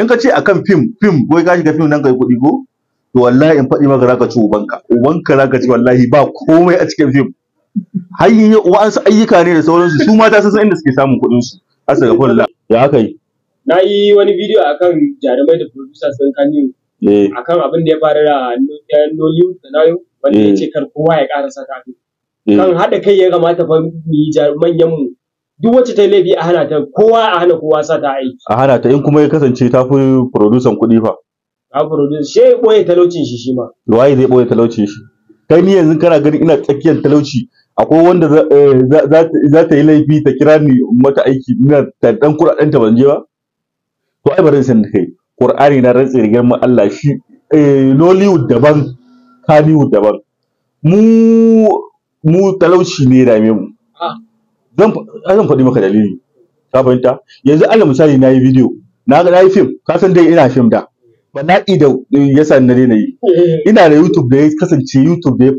in ka ce akan fim fim wai ka shiga fim nan kai kuɗi ko to wallahi in faɗi maka zaka ci ubanka ubanka zaka ci wallahi ba komai a cikin fim har yi wa'ansu ayyuka ne da sauransu su mata sun san inda suke samun kuɗinsu. su asa ga fulla ya haka yi na yi wani bidiyo akan jarumai da producer sun eh. kan A akan abin da ya faru da Nollywood da Nayo wanda ya eh. ce kar kowa ya ƙara saka eh. kan haɗa kai ya kamata fa mu yi jarumai mu duk wacce ta yi laifi a hana ta kowa a hana kowa sa ta aiki a hana ta in kuma ya kasance ta fi producer kuɗi fa a producer shi ya ɓoye talaucin shi shi ma waye zai ɓoye talaucin shi kai ni yanzu kana ganin ina tsakiyar talauci akwai wanda eh, za ta yi laifi ta kira ni mata aiki ina da ɗan kuɗaɗen ta ban je ba to ai bari san kai Qur'ani na rantsi rigar mu Allah shi eh, Nollywood daban Kannywood daban mu mu talauci ne dame mu zan zan faɗi maka dalili ka fahimta yanzu alal misali na yi bidiyo na na yi fim ka san dai ina fim da bala'i da ya sa na daina yi eh. ina da youtube da ya kasance youtube da ya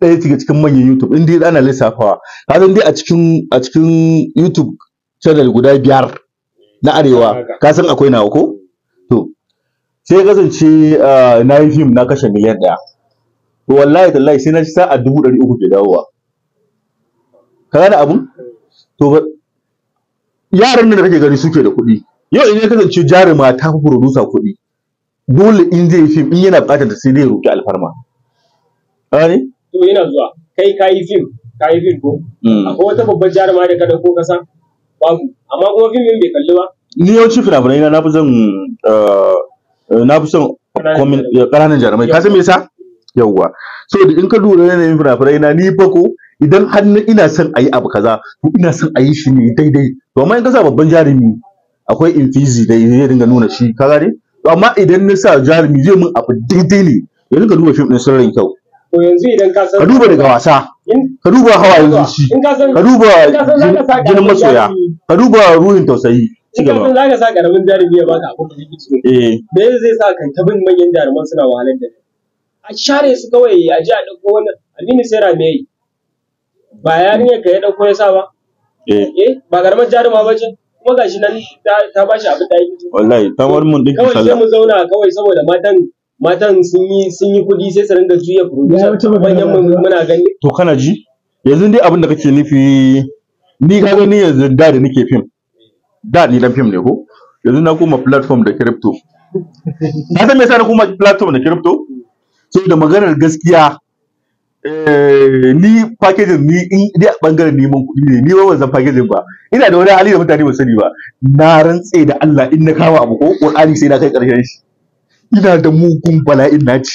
ɗaya daga cikin manyan youtube in dai ana lissafawa ka san dai a cikin a cikin youtube channel guda biyar na arewa ka san akwai nawa ko to sai ya kasance ah, na yi fim na kashe miliyan ɗaya to wallahi tallahi sai na ci sa'a dubu ɗari uku ke dawowa ka gane abun to yaran nan da kake gani suke da kuɗi yau in ya kasance jaruma ta fi producer kuɗi dole in zai fim in yana buƙatar ta sai zai roƙi alfarma gane to yana zuwa kai kayi fim kayi fim ko mm. akwai wata babbar jaruma da ka dauko kasa babu amma kuma fim din bai kalli ba ni yawanci fina-finai na fi son na fi son eh, eh, ƙananan jarumai ka san me yasa yauwa so in ka lura yanayin fina-finai na ni fa ko idan har ina son ayi abu kaza to ina son ayi shi ne daidai to amma in ka sa babban jarumi akwai infizi da zai dinga nuna shi ka gane to amma idan na sa jarumi zai mun abu daidai ne ya dinga duba fim din rin kyau to yanzu idan ka san ka duba daga wasa ka duba yanzu shi ka duba jinin masoya ka duba ruhin tausayi ci gaba in ka sa karamin jarumi ya baka abu da yake so eh me zai sa kai ta manyan jaruman suna wahalar da a share su kawai a ji a dauko wannan aminu sai rame yi ba yarinyar ka ya dauko ya sa ba eh, eh ba karamar jaruma ba ce kuma gashi nan ta bashi abin da yake wallahi ta war mun din kawai sai mu zauna kawai saboda matan matan sun yi sun yi kudi sai su ringa juya producer manyan muna gani to kana ji yanzu dai abin da kake nufi ni ka gani yanzu da da nake fim. da ni dan fim ne ko yanzu na koma platform da crypto na san me yasa na koma platform da crypto saboda maganar gaskiya Eh, ni packaging ni in dai a bangaren neman kuɗi ne ni ba ban san packaging ba ina da wani hali da mutane ba sani ba na rantse da Allah in na kawo abu ko Qur'ani sai na kai ƙarshen shi ina da mugun bala'in Naci.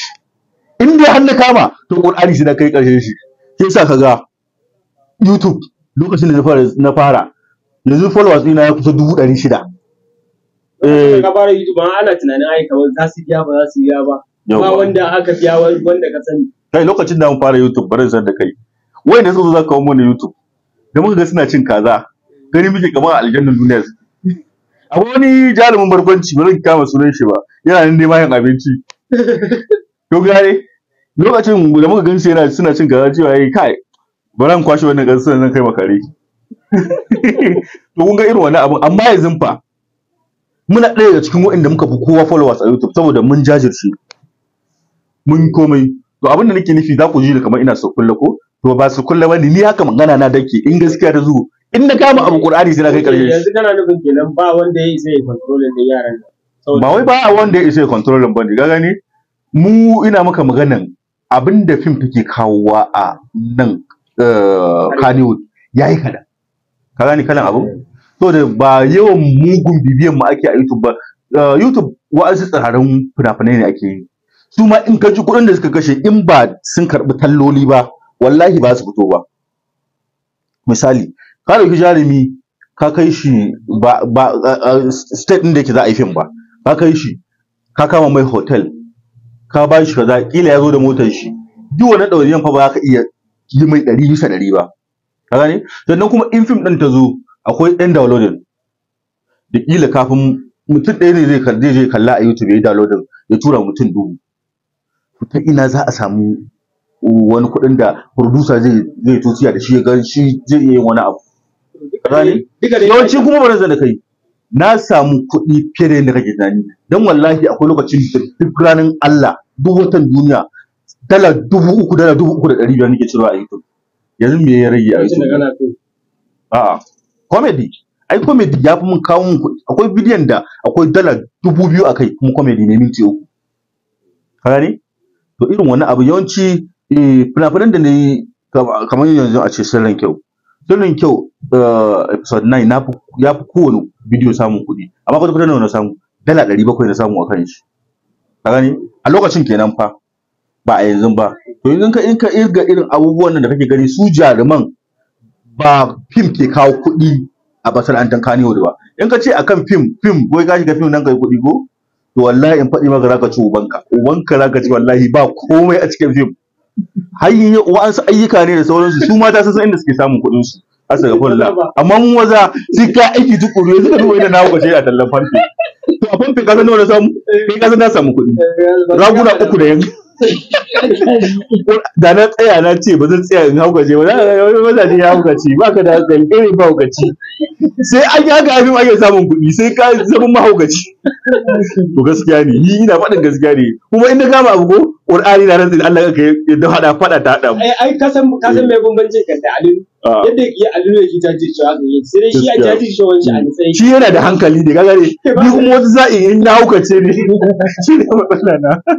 in dai har na kama to Qur'ani sai na kai ƙarshen shi sai sa kaga YouTube lokacin da na fara na fara yanzu followers ɗina ya kusa dubu ɗari shida. Eh. Ka fara YouTube ana tunanin ai kamar za su biya ba za su biya ba. Ba wanda aka biya wanda ka sani. kai lokacin da mun fara YouTube bare zan da kai wai da zo za ka kawo mana YouTube da muka ga suna cin kaza gani muke kamar aljannan duniya abu wani jarumin barkwanci ba zan kama sunan shi ba yana nan neman yin abinci to gane lokacin da muka gansu yana suna cin kaza cewa yayi kai baran kwashe wannan gansu zan kai makare to kun ga irin wani abu. amma yanzu fa muna ɗaya daga cikin waɗanda muka fi kowa followers a YouTube saboda mun jajirce mun komai to abin da nake nufi za ku ji da kamar ina so kulle ko to ba su kulle ba ni haka magana na dake in gaskiya ta zuwa in na kama abu qur'ani sai na kai karshe yanzu kana nufin kenan ba wanda ya isa ya controlling din yaran ba wai ba wanda ya isa ya controlling bane ga gani mu ina maka maganan abin da fim take kawowa a nan eh, Hollywood yayi kada ka gani kalan abu? to da ba yawan mugun bibiyan mu ake a YouTube ba eh, YouTube wa'azi tsararrun fina-finai ne ake yi su ma in ka ji kuɗin da suka kashe in ba sun karɓi talloli ba wallahi ba su fito ba misali ka ɗauki jarumi ka kai shi ba ba state ɗin da yake za a yi fim ba ka kai shi ka kama mai hotel ka ba shi kaza kila ya zo da motar shi duk wani ɗauriyan fa ba za ka iya yi mai ɗari bisa ɗari ba ka gane sannan kuma in fim ɗin ta zo akwai ɗan downloading da kila kafin mutum ɗaya ne zai je kalla a YouTube ya yi downloading ya tura mutum dubu ta ina za a samu wani kuɗin da producer zai zai tosiya da shi ya ga shi zai iya yin wani abu yawanci kuma ba zan da kai na samu kuɗi fiye da yadda kake tunani don wallahi akwai lokacin da duk ranar Allah duk watan duniya dala dubu uku dala dubu uku da ɗari biyar nake cirewa a YouTube yanzu me ya rage a YouTube a'a comedy ai comedy ya fi mun kawo mun kuɗi akwai bidiyon da akwai dala dubu biyu a kai kuma comedy ne minti uku ka gani to irin wannan abu yawanci eh, fina-finan da na yi kamar yanzu a ce sirrin kyau sirrin kyau eh, episode 9 ya fi kowane bidiyo samun kuɗi amma kwata-kwata na na samu dala ɗari bakwai na samu a kan shi ka gani a lokacin kenan fa ba a yanzu ba to in ka in ka irga irin abubuwan nan da kake gani su jaruman ba fim ke kawo kuɗi a an kaniyo ba in ka ce akan fim fim ko ka shiga fim nan yi kuɗi ko to wallahi in faɗi maka zaka ci ubanka ubanka zaka ci wallahi ba komai a cikin fim hayyin wa'ansu ayyuka ne da sauransu su mata sun san inda suke samun kuɗin su fulla amma mun waza sai aiki tukuru yanzu ka duba inda na kwace a tallan fanti to a fanti ka san nawa samu kai ka san na samu kuɗi raguna uku da yanzu da na tsaya na ce ba zan tsaya in haukace ba wani mazaje ya haukace ba ka da hankali ba haukace sai an yi haka abin ake samun kuɗi sai ka zama mahaukaci to gaskiya ne ni ina faɗin gaskiya ne kuma inda gama kama abu ko ƙur'ani na rantsi Allah ka ya da haɗa faɗa ta haɗa ai kasan san mai bambancin ka da alim ah. yadda ya alim ne ji jaji shi haka yi sai shi ya jaji shi wancan a shi yana da hankali ne kaga ne ni kuma wata za'i in na haukace ne shi ne matsala na